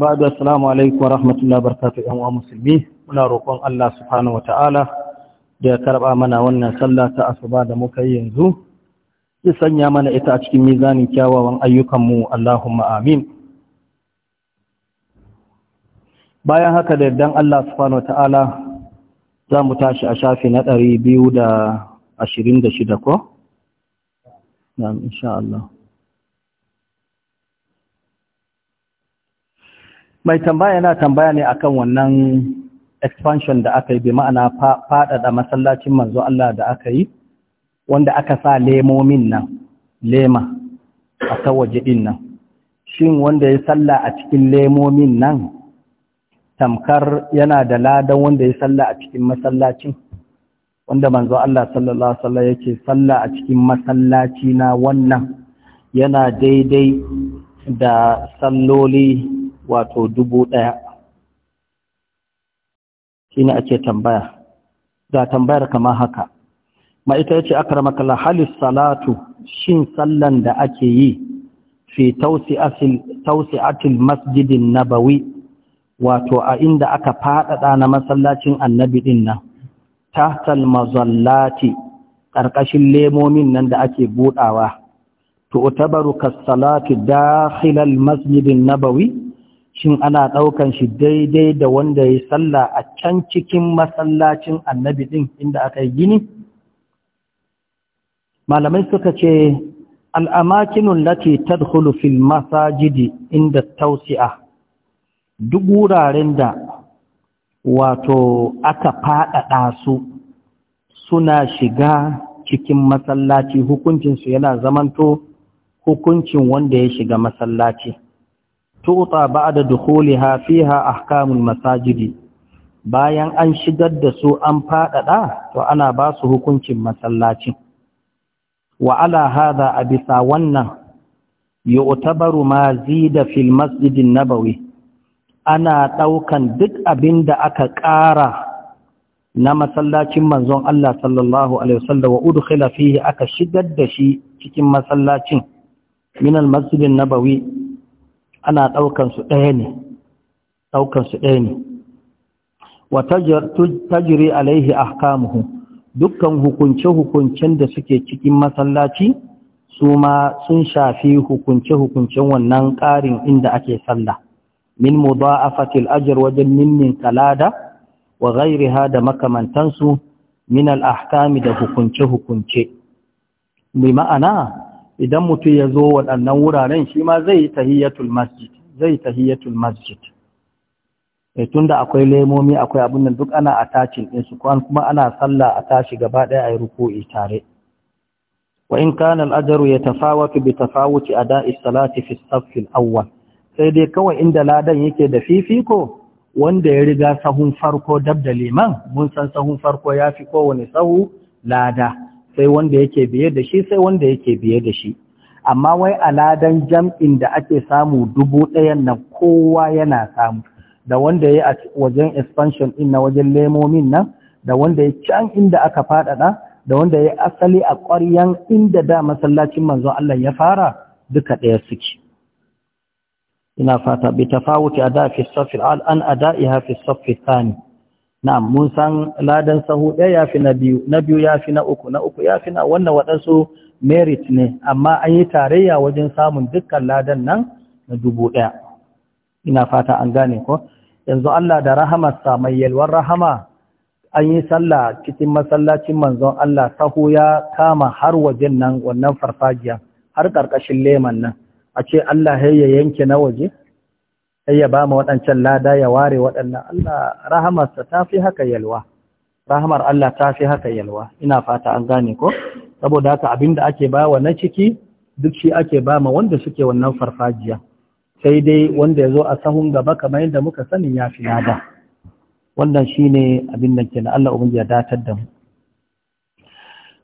Ba'adu assalamu alaikum warahmatullahi wabarakatuh yan uwa musulmi muna roƙon Allah subhanahu wataala da ya karɓa mana wannan sallah ta asuba da muka yi yanzu ya sanya mana ita a cikin mizanin kyawawan ayyukanmu Allahumma amin bayan haka da yardan Allah subhanahu wataala za mu tashi a shafi na ɗari biyu da ashirin da shida ko? Na'am insha Allah. mai tambaya na tambaya ne akan wannan expansion da aka yi bi ma'ana faɗaɗa masallacin manzo Allah da aka yi wanda aka sa lemomin nan lema a ta waje ɗin nan shin wanda ya salla a cikin lemomin nan tamkar yana da ladan wanda ya salla a cikin masallacin wanda manzo Allah sallallahu alaihi wasallam yake salla a cikin masallaci na wannan yana daidai da salloli wato dubu ɗaya shi ne ake tambaya ga tambayar kama haka ma ita ya ce akramakala halis salatu shin sallan da ake yi fi tausi'atil masjidin nabawi wato a inda aka faɗaɗa na masallacin annabi ɗin nan tahtal mazallati ƙarƙashin lemomin nan da ake buɗawa tu'tabaru kas-salatu dakhilal masjidin nabawi shin ana ɗaukan shi daidai da wanda ya sallah a can cikin masallacin annabi ɗin inda aka yi gini? Malamai suka ce, Al'amakinun lati tadkhulu fil masajidi inda tausi'a, duk wuraren da wato aka faɗaɗa su suna shiga cikin masallaci hukuncinsu yana zamanto hukuncin wanda ya shiga masallaci. tuta ba'da dukhuliha fiha ahkamul masajidi bayan an shigar da su an fadada to ana ba su hukuncin masallacin wa ala hadha abisa wannan yu'tabaru ma zida fil masjidin nabawi ana daukan duk abinda aka ƙara na masallacin manzon Allah sallallahu alaihi wasallam wa udkhila fihi aka shigar da shi cikin masallacin min al masjidin nabawi ana ɗaukansu ɗaya ne ɗaukansu ɗaya ne wa tajiri alaihi ahkamuhu dukkan hukunce-hukuncen da suke cikin masallaci su ma sun shafi hukunce-hukuncen wannan ƙarin inda ake sallah min mudha'afatil ajr wajen ninnin kalada wa ghairiha da makamantansu min al-ahkami da hukunce-hukunce mai ma'ana idan mutum ya zo waɗannan wuraren shi ma zai yi tahiyyatul masjid zai tun masjid eh, tunda akwai lemomi akwai abin nan duk ana attaching din su kuma ana sallah a tashi gaba ɗaya yi ruku'i tare wa in kana al-ajru yatafawatu bi tafawuti ada'i salati fi as al-awwal sai dai kawai inda ladan yake da fifiko wanda ya riga sahun farko dab da liman mun san sahun farko ya fi kowane sahu lada sai wanda yake biye da shi sai wanda yake biye da shi amma wai aladan jam'in da ake samu dubu ɗayan nan kowa yana samu da wanda ya a wajen expansion ɗin na wajen lemomin nan da wanda ya can inda aka faɗaɗa da wanda ya asali a ƙwaryan inda da masallacin manzon Allah ya fara duka ɗaya suke ina fata bi tafawuti ada fi safi al an ada'iha fi safi thani na'am mun san ladan sahu ɗaya ya fi na biyu na biyu ya fi na uku na uku ya fi na wannan waɗansu merit ne amma an yi tarayya wajen samun dukkan ladan nan na dubu ɗaya ina fata an gane ko yanzu Allah da rahamarsa mai yalwar rahama an yi sallah cikin masallacin manzon Allah sahu ya kama har wajen nan wannan farfajiya har ƙarƙashin leman nan a ce Allah ya yanke na waje sai ya ba mu waɗancan lada ya ware waɗannan Allah rahamarsa ta fi haka yalwa rahamar Allah ta fi haka yalwa ina fata an gane ko saboda haka abinda ake ba wa na ciki duk shi ake ba ma wanda suke wannan farfajiya sai dai wanda ya zo a sahun gaba kamar yadda muka sani ya fi lada wannan shi ne abin da ke na Allah ubin ya datar da mu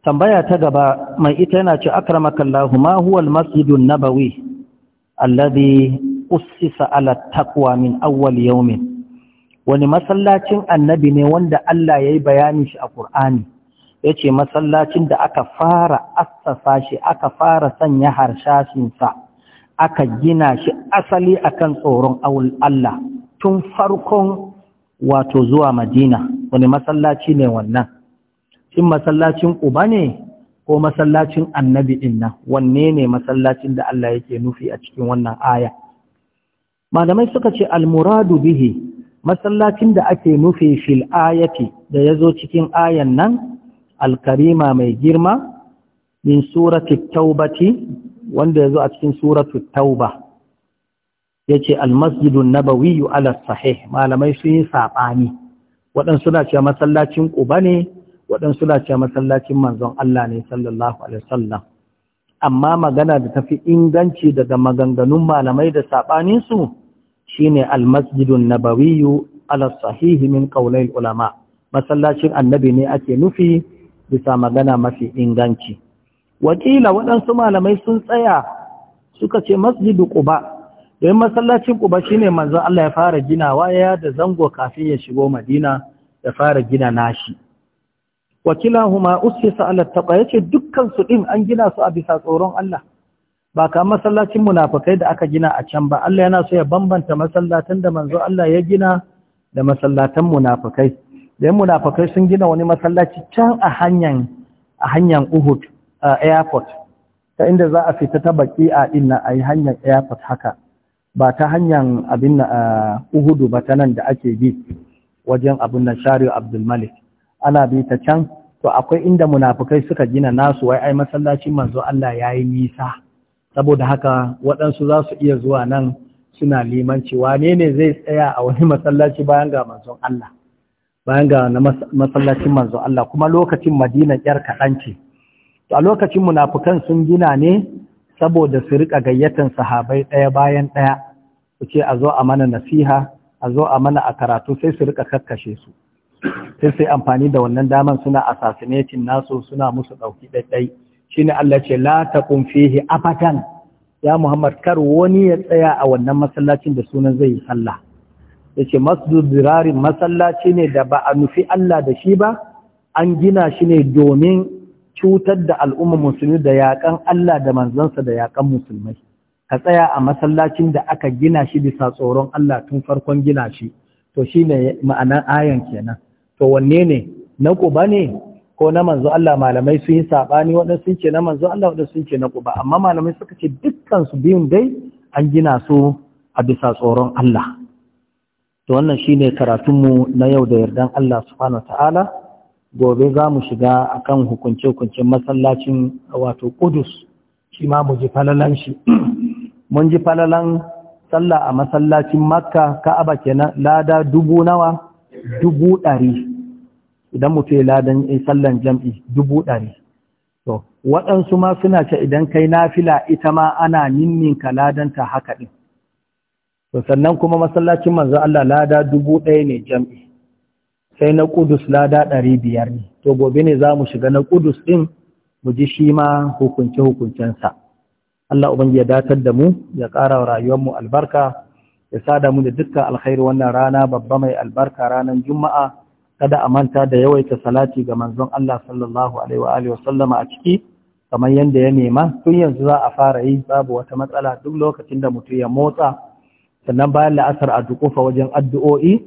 tambaya ta gaba mai ita yana ce akramakallahu ma huwal masjidun nabawi alladhi ussisa ala taqwa min awwal yawmin wani masallacin annabi ne wanda Allah yayi bayani shi a Qur'ani yace masallacin da aka fara assasa shi aka fara sanya harshashin sa aka gina shi asali akan tsoron Allah tun farkon wato zuwa Madina wani masallaci ne wannan shin masallacin Quba ne ko masallacin annabi dinna nan wanne ne masallacin da Allah yake nufi a cikin wannan aya malamai suka ce almuradu bihi masallacin da ake nufi fil ayati da yazo cikin ayan nan alkarima mai girma min surati taubati wanda yazo a cikin suratu tauba ya almasjidun nabawi ala sahih malamai sun yi saɓani waɗansu suna cewa masallacin ƙuba ne waɗansu suna cewa masallacin manzon Allah ne sallallahu alaihi wasallam amma magana da tafi inganci daga maganganun malamai da saɓaninsu shine almasjidun nabawiyu ala sahihi min qaulai ulama masallacin annabi ne ake nufi bisa magana mafi inganci wakila waɗansu malamai sun tsaya suka ce masjidu quba don masallacin quba shine manzon Allah ya fara ginawa ya da zango kafin ya shigo madina ya fara gina nashi huma kilahuma ussisa taɓa ya yace dukkan su din an gina su a bisa tsoron Allah ba ka masallacin munafakai da aka gina a can ba Allah yana so ya bambanta masallatan da manzo Allah ya gina da masallatan munafakai. da munafakai sun gina wani masallaci can a hanyan a Uhud a airport ta inda za a fita ta baki a inna yi hanyar airport haka ba ta hanyar abin Uhudu ba ta nan da ake bi wajen abin na Shari'u Abdulmalik. ana bi ta can to akwai inda munafukai suka gina nasu wai ai masallacin manzo Allah yayi nisa saboda haka waɗansu za su iya zuwa nan suna limanci wane ne zai tsaya a wani masallaci bayan ga manzon Allah bayan ga masallacin manzon Allah kuma lokacin Madina yar kaɗan ce to a lokacin munafukan sun gina ne saboda su rika gayyatan sahabai ɗaya bayan ɗaya su ce a zo a mana nasiha a zo a mana a karatu sai su rika kakkashe su sai sai amfani da wannan daman suna assassinating nasu suna musu ɗauki ɗaiɗai shine Allah ce la taqum fihi abatan ya Muhammad kar wani ya tsaya a wannan masallacin da sunan zai yi sallah yace masjid dirari masallaci ne da ba a nufi Allah da shi ba an gina shi ne domin cutar da al'umma musulmi da yakan Allah da manzansa da yakan musulmai ka tsaya a masallacin da aka gina shi bisa tsoron Allah tun farkon gina shi to shine ma'anan ayan kenan to wanne ne na kuba ne ko na manzo Allah malamai sun yi sabani waɗansu sun ce na manzo Allah waɗansu sun ce na kuba amma malamai suka ce dukkan su biyun dai an gina su a bisa tsoron Allah to wannan shine mu na yau da yardan Allah subhanahu ta'ala gobe za mu shiga akan hukunce-hukuncen masallacin wato Qudus shi ma mu ji falalan shi mun ji falalan sallah a masallacin Makka Ka'aba kenan lada dubu nawa dubu ɗari idan mutu ya ladan sallan jam'i dubu ɗari to waɗansu ma suna ce idan kai nafila ita ma ana ninninka ladanta haka ɗin to sannan kuma masallacin manzo Allah lada dubu ɗaya ne jam'i sai na ƙudus lada ɗari biyar ne to gobe ne za mu shiga na ƙudus ɗin mu ji shi ma hukunce-hukuncensa Allah Ubangiji ya datar da mu ya ƙara wa rayuwarmu albarka ya sada mu da dukkan alkhairi wannan rana babba mai albarka ranar juma'a kada a manta da yawaita salati ga manzon Allah sallallahu alaihi wa alihi wasallama a ciki kamar yanda ya nema tun yanzu za a fara yi babu wata matsala duk lokacin da mutum ya motsa sannan bayan la'asar a dukufa wajen addu'o'i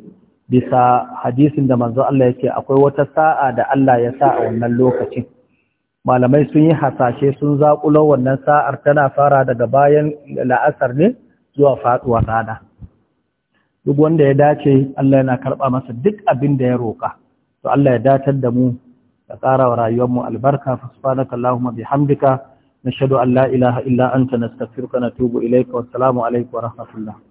bisa hadisin da manzon Allah yake akwai wata sa'a da Allah ya sa a wannan lokacin malamai sun yi hasashe sun zaƙulo wannan sa'ar tana fara daga bayan la'asar ne zuwa faɗuwa rana duk wanda ya dace Allah yana karɓa masa duk abin da ya roƙa. to Allah ya datar da mu ya ƙara wa rayuwar mu albarka fa subhanaka bi hamdika nashhadu an la ilaha illa anta nastaghfiruka wa natubu ilayka wa assalamu alaykum wa rahmatullah